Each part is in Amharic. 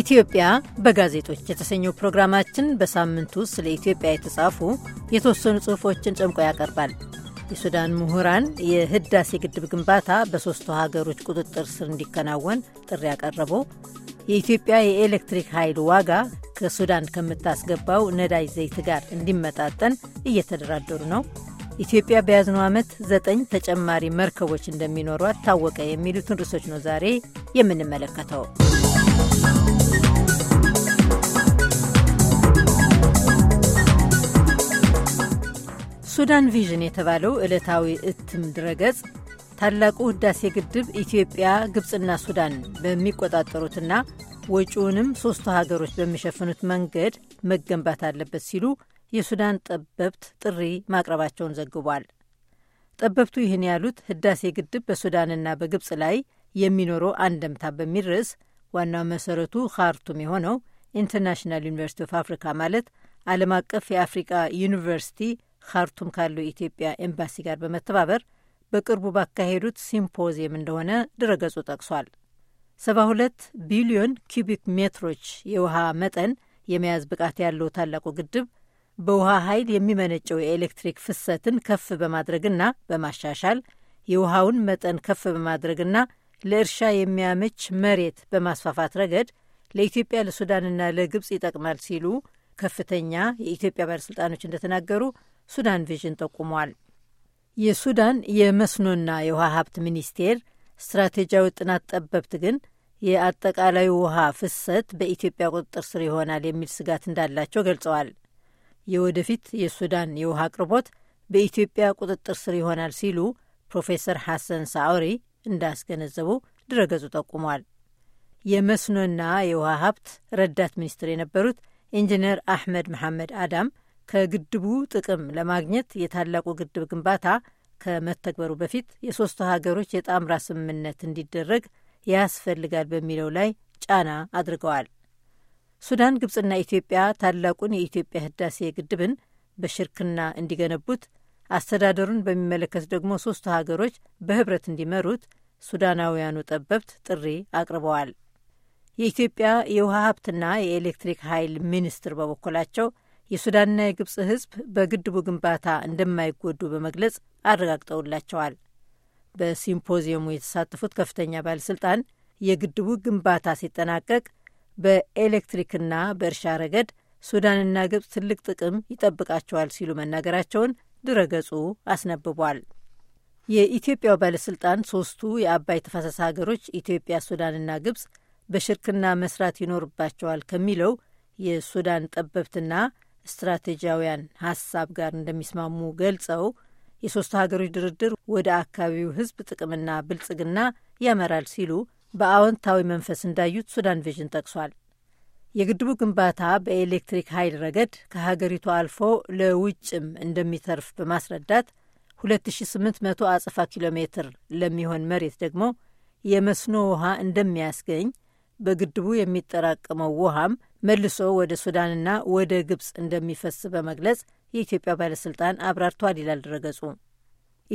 ኢትዮጵያ በጋዜጦች የተሰኘው ፕሮግራማችን በሳምንቱ ስለ ኢትዮጵያ የተጻፉ የተወሰኑ ጽሑፎችን ጨምቆ ያቀርባል። የሱዳን ምሁራን የህዳሴ ግድብ ግንባታ በሦስቱ ሀገሮች ቁጥጥር ስር እንዲከናወን ጥሪ ያቀረበው፣ የኢትዮጵያ የኤሌክትሪክ ኃይል ዋጋ ከሱዳን ከምታስገባው ነዳጅ ዘይት ጋር እንዲመጣጠን እየተደራደሩ ነው፣ ኢትዮጵያ በያዝነው ዓመት ዘጠኝ ተጨማሪ መርከቦች እንደሚኖሯት ታወቀ፣ የሚሉትን ርዕሶች ነው ዛሬ የምንመለከተው። ሱዳን ቪዥን የተባለው ዕለታዊ እትም ድረገጽ ታላቁ ህዳሴ ግድብ ኢትዮጵያ፣ ግብፅና ሱዳን በሚቆጣጠሩትና ወጪውንም ሦስቱ ሀገሮች በሚሸፍኑት መንገድ መገንባት አለበት ሲሉ የሱዳን ጠበብት ጥሪ ማቅረባቸውን ዘግቧል። ጠበብቱ ይህን ያሉት ህዳሴ ግድብ በሱዳንና በግብፅ ላይ የሚኖረው አንደምታ በሚል ርዕስ ዋናው መሰረቱ ካርቱም የሆነው ኢንተርናሽናል ዩኒቨርሲቲ ኦፍ አፍሪካ ማለት ዓለም አቀፍ የአፍሪቃ ዩኒቨርሲቲ ካርቱም ካለው የኢትዮጵያ ኤምባሲ ጋር በመተባበር በቅርቡ ባካሄዱት ሲምፖዚየም እንደሆነ ድረገጹ ጠቅሷል። 72 ቢሊዮን ኪቢክ ሜትሮች የውሃ መጠን የመያዝ ብቃት ያለው ታላቁ ግድብ በውሃ ኃይል የሚመነጨው የኤሌክትሪክ ፍሰትን ከፍ በማድረግና በማሻሻል የውሃውን መጠን ከፍ በማድረግና ለእርሻ የሚያመች መሬት በማስፋፋት ረገድ ለኢትዮጵያ፣ ለሱዳንና ለግብፅ ይጠቅማል ሲሉ ከፍተኛ የኢትዮጵያ ባለሥልጣኖች እንደተናገሩ ሱዳን ቪዥን ጠቁሟል። የሱዳን የመስኖና የውሃ ሀብት ሚኒስቴር ስትራቴጂያዊ ጥናት ጠበብት ግን የአጠቃላዩ ውሃ ፍሰት በኢትዮጵያ ቁጥጥር ስር ይሆናል የሚል ስጋት እንዳላቸው ገልጸዋል። የወደፊት የሱዳን የውሃ አቅርቦት በኢትዮጵያ ቁጥጥር ስር ይሆናል ሲሉ ፕሮፌሰር ሐሰን ሳኦሪ እንዳስገነዘቡ ድረገጹ ጠቁሟል። የመስኖና የውሃ ሀብት ረዳት ሚኒስትር የነበሩት ኢንጂነር አሕመድ መሐመድ አዳም ከግድቡ ጥቅም ለማግኘት የታላቁ ግድብ ግንባታ ከመተግበሩ በፊት የሶስቱ ሀገሮች የጣምራ ስምምነት እንዲደረግ ያስፈልጋል በሚለው ላይ ጫና አድርገዋል። ሱዳን፣ ግብጽና ኢትዮጵያ ታላቁን የኢትዮጵያ ህዳሴ ግድብን በሽርክና እንዲገነቡት፣ አስተዳደሩን በሚመለከት ደግሞ ሶስቱ ሀገሮች በህብረት እንዲመሩት ሱዳናውያኑ ጠበብት ጥሪ አቅርበዋል። የኢትዮጵያ የውሃ ሀብትና የኤሌክትሪክ ኃይል ሚኒስትር በበኩላቸው የሱዳንና የግብፅ ህዝብ በግድቡ ግንባታ እንደማይጎዱ በመግለጽ አረጋግጠውላቸዋል። በሲምፖዚየሙ የተሳተፉት ከፍተኛ ባለሥልጣን የግድቡ ግንባታ ሲጠናቀቅ በኤሌክትሪክና በእርሻ ረገድ ሱዳንና ግብፅ ትልቅ ጥቅም ይጠብቃቸዋል ሲሉ መናገራቸውን ድረገጹ አስነብቧል። የኢትዮጵያው ባለሥልጣን ሶስቱ የአባይ ተፋሰስ ሀገሮች ኢትዮጵያ፣ ሱዳንና ግብፅ በሽርክና መስራት ይኖርባቸዋል ከሚለው የሱዳን ጠበብትና ስትራቴጂያውያን ሀሳብ ጋር እንደሚስማሙ ገልጸው የሶስት ሀገሮች ድርድር ወደ አካባቢው ህዝብ ጥቅምና ብልጽግና ያመራል ሲሉ በአዎንታዊ መንፈስ እንዳዩት ሱዳን ቪዥን ጠቅሷል። የግድቡ ግንባታ በኤሌክትሪክ ኃይል ረገድ ከሀገሪቱ አልፎ ለውጭም እንደሚተርፍ በማስረዳት 2800 አጽፋ ኪሎ ሜትር ለሚሆን መሬት ደግሞ የመስኖ ውሃ እንደሚያስገኝ፣ በግድቡ የሚጠራቀመው ውሃም መልሶ ወደ ሱዳንና ወደ ግብፅ እንደሚፈስ በመግለጽ የኢትዮጵያ ባለሥልጣን አብራርቷል ይላል ድረገጹ።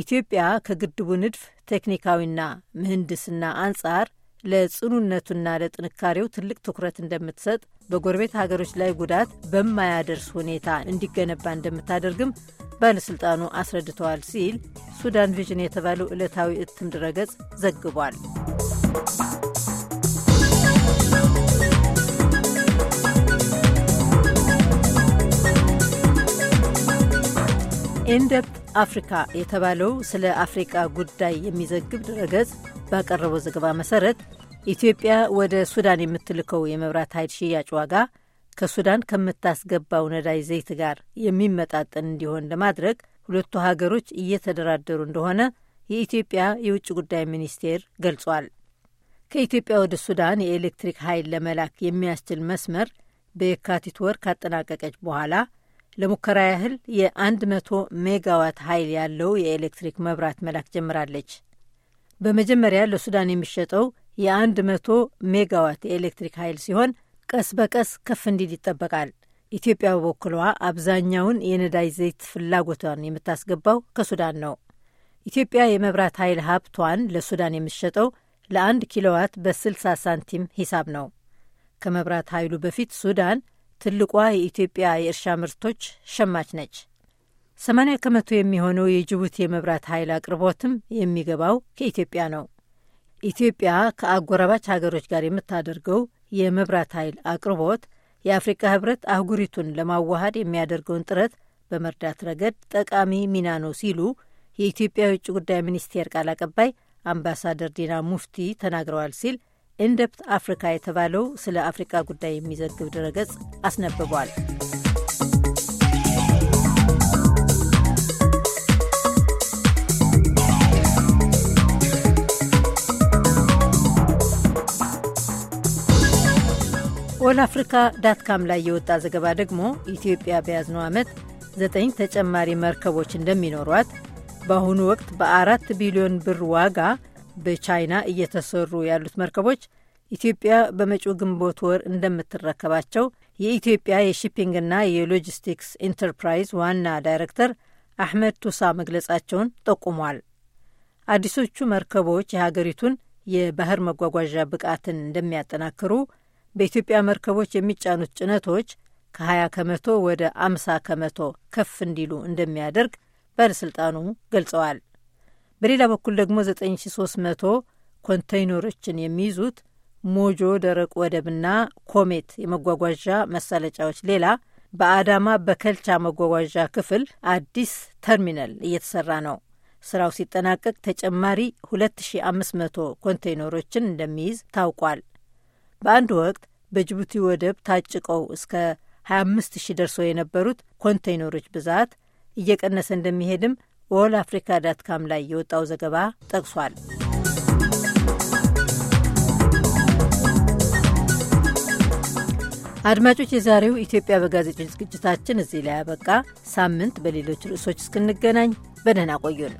ኢትዮጵያ ከግድቡ ንድፍ ቴክኒካዊና ምህንድስና አንጻር ለጽኑነቱና ለጥንካሬው ትልቅ ትኩረት እንደምትሰጥ በጎረቤት ሀገሮች ላይ ጉዳት በማያደርስ ሁኔታ እንዲገነባ እንደምታደርግም ባለሥልጣኑ አስረድተዋል ሲል ሱዳን ቪዥን የተባለው ዕለታዊ እትም ድረገጽ ዘግቧል። ኢንደፕት አፍሪካ የተባለው ስለ አፍሪቃ ጉዳይ የሚዘግብ ድረገጽ ባቀረበው ዘገባ መሰረት ኢትዮጵያ ወደ ሱዳን የምትልከው የመብራት ኃይል ሽያጭ ዋጋ ከሱዳን ከምታስገባው ነዳጅ ዘይት ጋር የሚመጣጠን እንዲሆን ለማድረግ ሁለቱ ሀገሮች እየተደራደሩ እንደሆነ የኢትዮጵያ የውጭ ጉዳይ ሚኒስቴር ገልጿል። ከኢትዮጵያ ወደ ሱዳን የኤሌክትሪክ ኃይል ለመላክ የሚያስችል መስመር በየካቲት ወር ካጠናቀቀች በኋላ ለሙከራ ያህል የ100 ሜጋዋት ኃይል ያለው የኤሌክትሪክ መብራት መላክ ጀምራለች። በመጀመሪያ ለሱዳን የሚሸጠው የ100 ሜጋዋት የኤሌክትሪክ ኃይል ሲሆን ቀስ በቀስ ከፍ እንዲል ይጠበቃል። ኢትዮጵያ በበኩሏ አብዛኛውን የነዳጅ ዘይት ፍላጎቷን የምታስገባው ከሱዳን ነው። ኢትዮጵያ የመብራት ኃይል ሀብቷን ለሱዳን የምትሸጠው ለአንድ ኪሎዋት በ60 ሳንቲም ሂሳብ ነው። ከመብራት ኃይሉ በፊት ሱዳን ትልቋ የኢትዮጵያ የእርሻ ምርቶች ሸማች ነች። 80 ከመቶ የሚሆነው የጅቡቲ የመብራት ኃይል አቅርቦትም የሚገባው ከኢትዮጵያ ነው። ኢትዮጵያ ከአጎራባች ሀገሮች ጋር የምታደርገው የመብራት ኃይል አቅርቦት የአፍሪካ ህብረት አህጉሪቱን ለማዋሃድ የሚያደርገውን ጥረት በመርዳት ረገድ ጠቃሚ ሚና ነው ሲሉ የኢትዮጵያ የውጭ ጉዳይ ሚኒስቴር ቃል አቀባይ አምባሳደር ዲና ሙፍቲ ተናግረዋል ሲል ኢንደፕት አፍሪካ የተባለው ስለ አፍሪካ ጉዳይ የሚዘግብ ድረገጽ አስነብቧል። ኦል አፍሪካ ዳትካም ላይ የወጣ ዘገባ ደግሞ ኢትዮጵያ በያዝነው ዓመት ዘጠኝ ተጨማሪ መርከቦች እንደሚኖሯት በአሁኑ ወቅት በአራት ቢሊዮን ብር ዋጋ በቻይና እየተሰሩ ያሉት መርከቦች ኢትዮጵያ በመጪው ግንቦት ወር እንደምትረከባቸው የኢትዮጵያ የሺፒንግና የሎጂስቲክስ ኢንተርፕራይዝ ዋና ዳይሬክተር አሕመድ ቱሳ መግለጻቸውን ጠቁሟል። አዲሶቹ መርከቦች የሀገሪቱን የባህር መጓጓዣ ብቃትን እንደሚያጠናክሩ፣ በኢትዮጵያ መርከቦች የሚጫኑት ጭነቶች ከ20 ከመቶ ወደ 50 ከመቶ ከፍ እንዲሉ እንደሚያደርግ ባለሥልጣኑ ገልጸዋል። በሌላ በኩል ደግሞ 9300 ኮንቴይነሮችን የሚይዙት ሞጆ ደረቅ ወደብና ኮሜት የመጓጓዣ መሳለጫዎች ሌላ በአዳማ በከልቻ መጓጓዣ ክፍል አዲስ ተርሚናል እየተሰራ ነው። ስራው ሲጠናቀቅ ተጨማሪ 2500 ኮንቴይነሮችን እንደሚይዝ ታውቋል። በአንድ ወቅት በጅቡቲ ወደብ ታጭቀው እስከ 25000 ደርሶ የነበሩት ኮንቴይነሮች ብዛት እየቀነሰ እንደሚሄድም ኦል አፍሪካ ካም ላይ የወጣው ዘገባ ጠቅሷል። አድማጮች፣ የዛሬው ኢትዮጵያ በጋዜጦች ዝግጅታችን እዚህ ላይ ያበቃ። ሳምንት በሌሎች ርዕሶች እስክንገናኝ በደህና ቆዩን።